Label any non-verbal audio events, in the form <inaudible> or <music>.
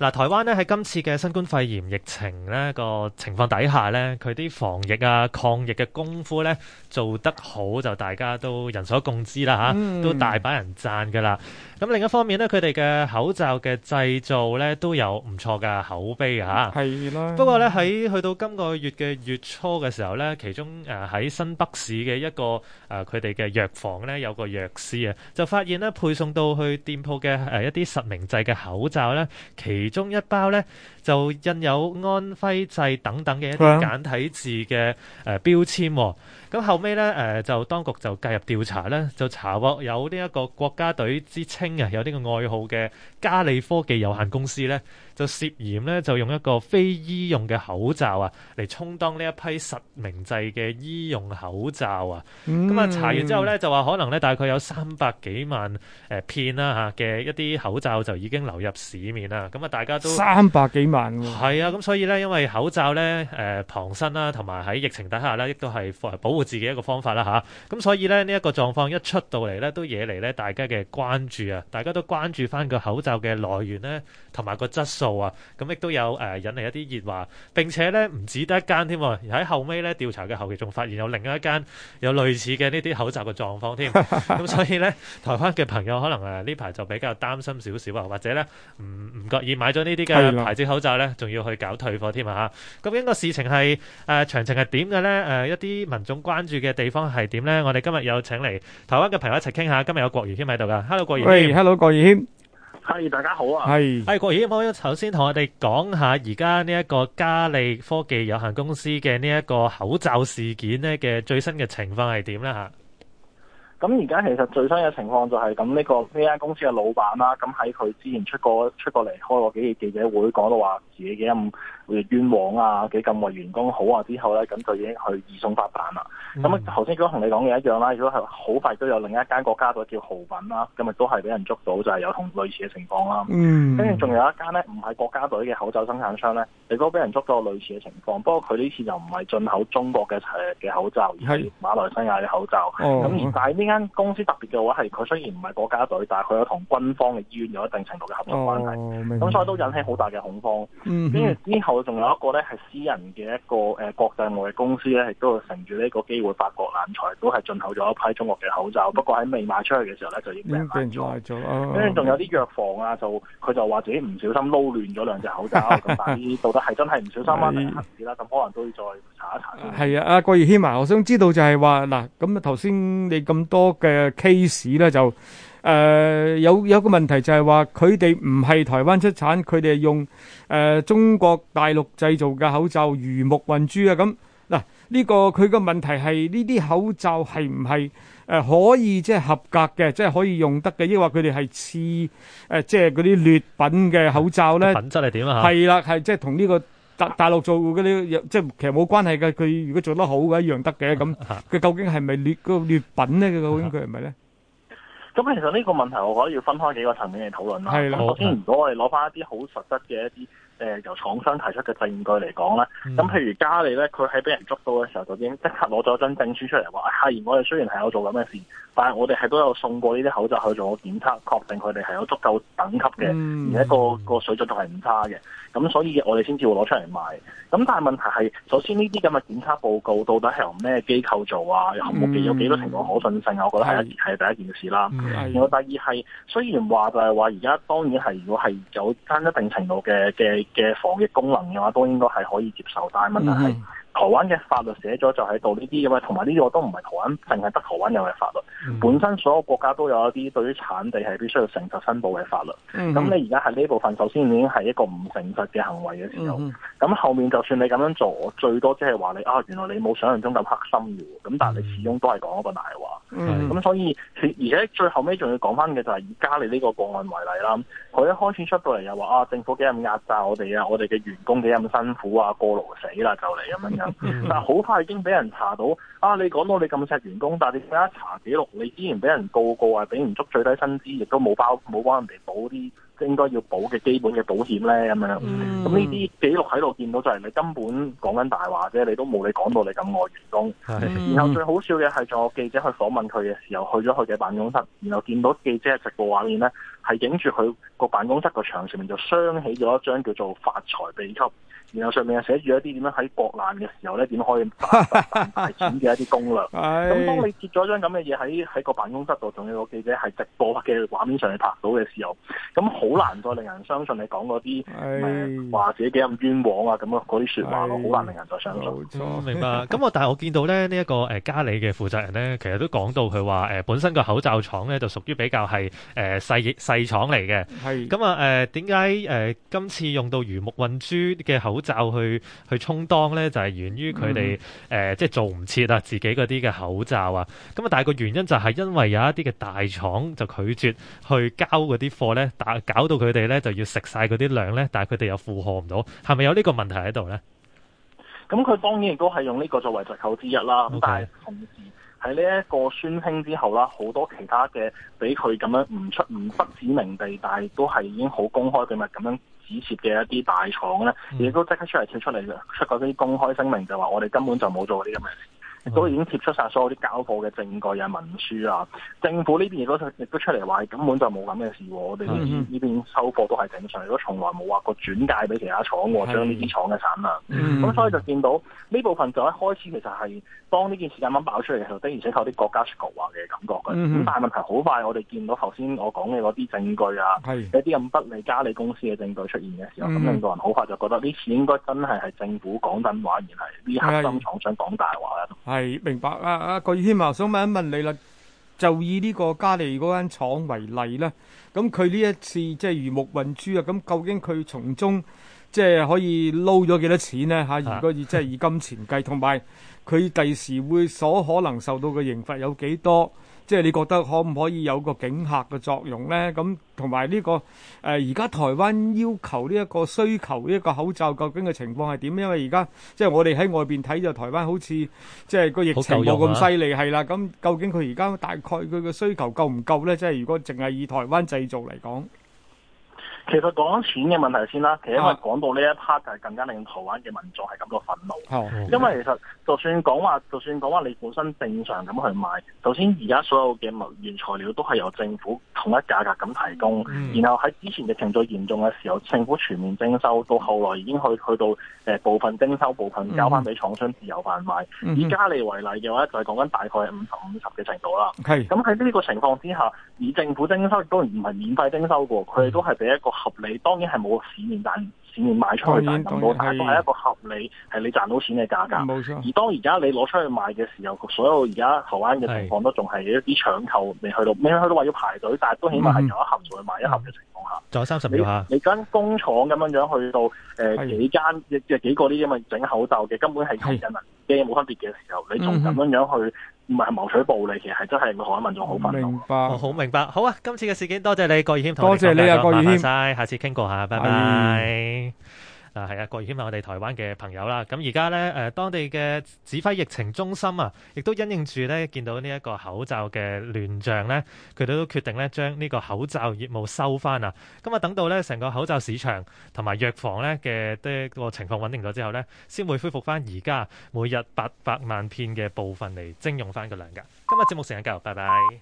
嗱，台灣呢喺今次嘅新冠肺炎疫情呢個情況底下呢，佢啲防疫啊抗疫嘅功夫呢，做得好，就大家都人所共知啦吓，嗯、都大把人讚噶啦。咁另一方面呢，佢哋嘅口罩嘅製造呢，都有唔錯嘅口碑吓，係啦的。不過呢，喺去到今個月嘅月初嘅時候呢，其中誒喺新北市嘅一個誒佢哋嘅藥房呢，有個藥師啊，就發現呢，配送到去店鋪嘅誒一啲實名制嘅口罩呢。其其中一包咧，就印有安徽製等等嘅一啲簡體字嘅誒標籤，咁的、呃、後尾咧誒就當局就介入調查咧，就查獲有呢一個國家隊之稱啊，有呢個愛好嘅嘉利科技有限公司咧，就涉嫌咧就用一個非醫用嘅口罩啊，嚟充當呢一批實名制嘅醫用口罩啊，咁啊、嗯、查完之後咧就話可能咧大概有三百幾萬誒片啦嚇嘅一啲口罩就已經流入市面啦，咁啊大家都三百幾。係啊，咁所以咧，因為口罩咧，誒、呃，傍身啦、啊，同埋喺疫情底下咧，亦都係保護自己一個方法啦、啊，吓、啊，咁所以咧，呢、這、一個狀況一出到嚟咧，都惹嚟咧大家嘅關注啊！大家都關注翻個口罩嘅來源咧，同埋個質素啊。咁、啊、亦都有、呃、引嚟一啲熱話。並且咧，唔止得一間添喎，喺後尾咧調查嘅後期仲發現有另一間有類似嘅呢啲口罩嘅狀況添。咁 <laughs> 所以咧，台灣嘅朋友可能呢、啊、排就比較擔心少少啊，或者咧唔唔覺意買咗呢啲嘅牌子口罩。就咧，仲要去搞退貨添啊！究竟個事情係誒，詳情係點嘅咧？誒，一啲民眾關注嘅地方係點咧？我哋今日有請嚟台灣嘅朋友一齊傾下。今日有郭豫謙喺度噶，Hello 郭豫謙，喂，Hello 郭豫謙，係大家好啊，係，係郭豫謙，可唔可以首先同我哋講下而家呢一個嘉利科技有限公司嘅呢一個口罩事件咧嘅最新嘅情況係點咧嚇？咁而家其實最新嘅情況就係咁、這個，呢個呢間公司嘅老闆啦、啊，咁喺佢之前出過出過嚟開過幾次記者會，講到話自己幾咁冤枉啊，幾咁為員工好啊之後咧，咁就已經去移送法辦啦。咁啊頭先佢都同你講嘅一樣啦，如果係好快都有另一間國家隊叫豪品啦、啊，咁咪都係俾人捉到，就係、是、有同類似嘅情況啦、啊。跟住仲有一間咧，唔係國家隊嘅口罩生產商咧，亦都俾人捉到類似嘅情況，不過佢呢次就唔係進口中國嘅嘅口罩，而係馬來西亞嘅口罩。咁而但係呢間間公司特別嘅話係，佢雖然唔係國家隊，但係佢有同軍方嘅醫院有一定程度嘅合作關係，咁、哦、所以都引起好大嘅恐慌。跟住、嗯、哼之後仲有一個咧係私人嘅一個誒、呃、國際外嘅公司咧，亦都乘住呢個機會發國難財，都係進口咗一批中國嘅口罩。不過喺未賣出去嘅時候咧，就已經賣咗，跟住仲有啲藥房啊，就佢就話自己唔小心撈亂咗兩隻口罩。咁但係到底係真係唔小心啊，還是啦？咁、啊、可能都要再查一查一。係啊，阿、啊、郭豫謙啊，我想知道就係話嗱，咁啊頭先你咁。多嘅 case 咧就誒、呃、有有個問題就係話佢哋唔係台灣出產，佢哋係用誒、呃、中國大陸製造嘅口罩魚目混珠啊，咁，嗱呢個佢個問題係呢啲口罩係唔係誒可以即係合格嘅，即係可以用得嘅，抑或佢哋係似誒即係嗰啲劣品嘅口罩咧？品質係點啊？係啦，係即係同呢個。大大陸做嗰啲即係其實冇關係嘅，佢如果做得好嘅一樣得嘅咁。佢究竟係咪劣個劣品咧？佢究竟佢係咪咧？咁其實呢個問題，我覺得要分開幾個層面嚟討論啦。首先的，才如果我哋攞翻一啲好實質嘅一啲誒由廠商提出嘅證據嚟講啦，咁的譬如加利咧，佢喺俾人捉到嘅時候，就已經即刻攞咗張證書出嚟話：係，我哋雖然係有做咁嘅事，但係我哋係都有送過呢啲口罩去做檢測，確定佢哋係有足夠等級嘅，的而且、那個個、嗯、水準都係唔差嘅。咁、嗯、所以我哋先至會攞出嚟賣。咁但係問題係，首先呢啲咁嘅檢測報告到底係由咩機構做啊？嗯、有冇幾多程度可信性、啊？我覺得係一是第一件事啦、啊。嗯、然後第二係，雖然話就係話而家當然係，如果係有返一定程度嘅嘅嘅防疫功能嘅話，都應該係可以接受。但係問題係。嗯台灣嘅法律寫咗就喺度呢啲咁啊，同埋呢個都唔係台灣，淨係得台灣有嘅法律。嗯、哼本身所有國家都有一啲對於產地係必須要誠實申報嘅法律。咁、嗯、哼你而家喺呢部分，首先已經係一個唔誠實嘅行為嘅時候。咁、嗯、哼後面就算你咁樣做，我最多即係話你啊，原來你冇想像中咁黑心嘅喎。咁但係你始終都係講一個大話。咁、嗯、哼是所以，而且最後尾仲要講翻嘅就係以加利呢個個案為例啦。佢一開始出到嚟又話啊，政府幾咁壓榨我哋啊，我哋嘅員工幾咁辛苦啊，過勞死啦就嚟咁 <laughs> 但好快已經俾人查到啊！你講到你咁錫員工，但係你點解查記錄，你之前俾人告過啊，俾唔足最低薪資，亦都冇包冇幫人哋補啲應該要補嘅基本嘅保險咧，咁 <laughs> 樣咁呢啲記錄喺度見到就係你根本講緊大話啫，你都冇你講到你咁愛員工。 <laughs> 然後最好笑嘅係，仲有記者去訪問佢嘅時候，去咗佢嘅辦公室，然後見到記者嘅直播畫面咧，係影住佢個辦公室個牆上面就鑲起咗一張叫做發財秘笈。然後上面啊寫住一啲點樣喺博覽嘅時候咧，點樣可以賺賺嘅一啲攻略。咁 <laughs> 當你截咗張咁嘅嘢喺喺個辦公室度，仲有個記者係直播嘅畫面上去拍到嘅時候，咁好難再令人相信你講嗰啲誒話自己幾咁冤枉啊，咁啊嗰啲説話，好 <laughs> 難令人再相信。 <laughs> 嗯、明白。咁我但係我見到咧呢一個誒嘉里嘅負責人咧，其實都講到佢話誒本身個口罩廠咧就屬於比較係誒細細廠嚟嘅。係咁啊誒點解誒今次用到魚目混珠嘅口罩就去去充當呢，就係、是、源於佢哋誒即係做唔切啊，自己嗰啲嘅口罩啊，咁啊，但係個原因就係因為有一啲嘅大廠就拒絕去交嗰啲貨呢，打搞到佢哋呢就要食晒嗰啲量呢。但係佢哋又負荷唔到，係咪有呢個問題喺度呢？咁佢、嗯、當然亦都係用呢個作為借口之一啦，咁但係喺呢一個宣稱之後啦，好多其他嘅俾佢咁樣唔出唔不指名地，但係都係已經好公開秘密咁樣指涉嘅一啲大廠咧，亦都即刻出嚟跳出嚟出嗰啲公開聲明，就話我哋根本就冇做嗰啲咁嘅。都已經貼出晒所有啲交貨嘅證據啊、文書啊，政府呢邊亦都出亦都出嚟話根本就冇咁嘅事。我哋呢呢邊收貨都係正常，如果從來冇話過轉介俾其他廠喎，將呢啲廠嘅產量，咁的所以就見到呢部分就一開始其實係當呢件事件猛爆出嚟嘅時候，的而且確有啲國家出口話嘅感覺咁、嗯、哼但係問題好快，我哋見到頭先我講嘅嗰啲證據啊，有啲咁不利加利公司嘅證據出現嘅時候，咁令到人好快就覺得呢次應該真係係政府講真話，而係啲黑心廠想講大話的係明白啊！啊，郭豫謙啊，想問一問你啦。就以呢個加利嗰間廠為例啦，咁佢呢一次即係魚目混珠啊，咁究竟佢從中即係可以撈咗幾多錢咧？吓，如果以即係以金錢計，同埋佢第時會所可能受到嘅刑罰有幾多？即係你覺得可唔可以有個警嚇嘅作用咧？咁同埋呢個誒，而家台灣要求呢一個需求呢一個口罩究竟嘅情況係點？因為而家即係我哋喺外邊睇就台灣好似即係個疫情冇咁犀利係啦。咁究竟佢而家大概佢嘅需求夠唔夠咧？即係如果淨係以台灣製造嚟講，其實講錢嘅問題先啦。其實因為講到呢一 part 就係更加令台灣嘅民眾係感到憤怒。因為其實就算講話，就算講話，你本身正常咁去賣，首先而家所有嘅物原材料都係由政府統一價格咁提供，嗯、然後喺之前疫情最嚴重嘅時候，政府全面徵收，到後來已經去去到誒、呃、部分徵收，部分交翻俾廠商自由販賣。嗯、以加利為例嘅話，就係講緊大概係五十五十嘅程度啦。係是，咁喺呢個情況之下，以政府徵收亦都唔係免費徵收過佢哋都係俾一個合理，當然係冇市面但前面賣出去賺咁多，但都係一個合理，係你賺到錢嘅價格。冇錯。而當而家你攞出去賣嘅時候，所有而家台灣嘅情況都仲係一啲搶購未去到，未去到話要排隊，但係都起碼係有一盒就會買一盒嘅情況下。仲、嗯嗯、有三十秒哈。你間工廠咁樣樣去到誒、呃、幾間，即即係幾個啲因為整口罩嘅根本係吸引啊。冇分別嘅時候，你從咁樣去，唔係謀取暴利，其實係真係令民眾好憤怒，好、哦、明白。好啊，今次嘅事件多謝你，郭豫謙同多謝你啊，郭豫謙。下次傾過下，拜拜。哎啊，係啊，郭豫謙啊，我哋台灣嘅朋友啦，咁而家咧誒，當地嘅指揮疫情中心啊，亦都因應住咧見到呢一個口罩嘅亂象咧，佢哋都決定咧將呢個口罩業務收翻啊。咁啊，等到咧成個口罩市場同埋藥房咧嘅啲個情況穩定咗之後咧，先會恢復翻而家每日八百萬片嘅部分嚟徵用翻個量㗎。今日節目時間夠，拜拜。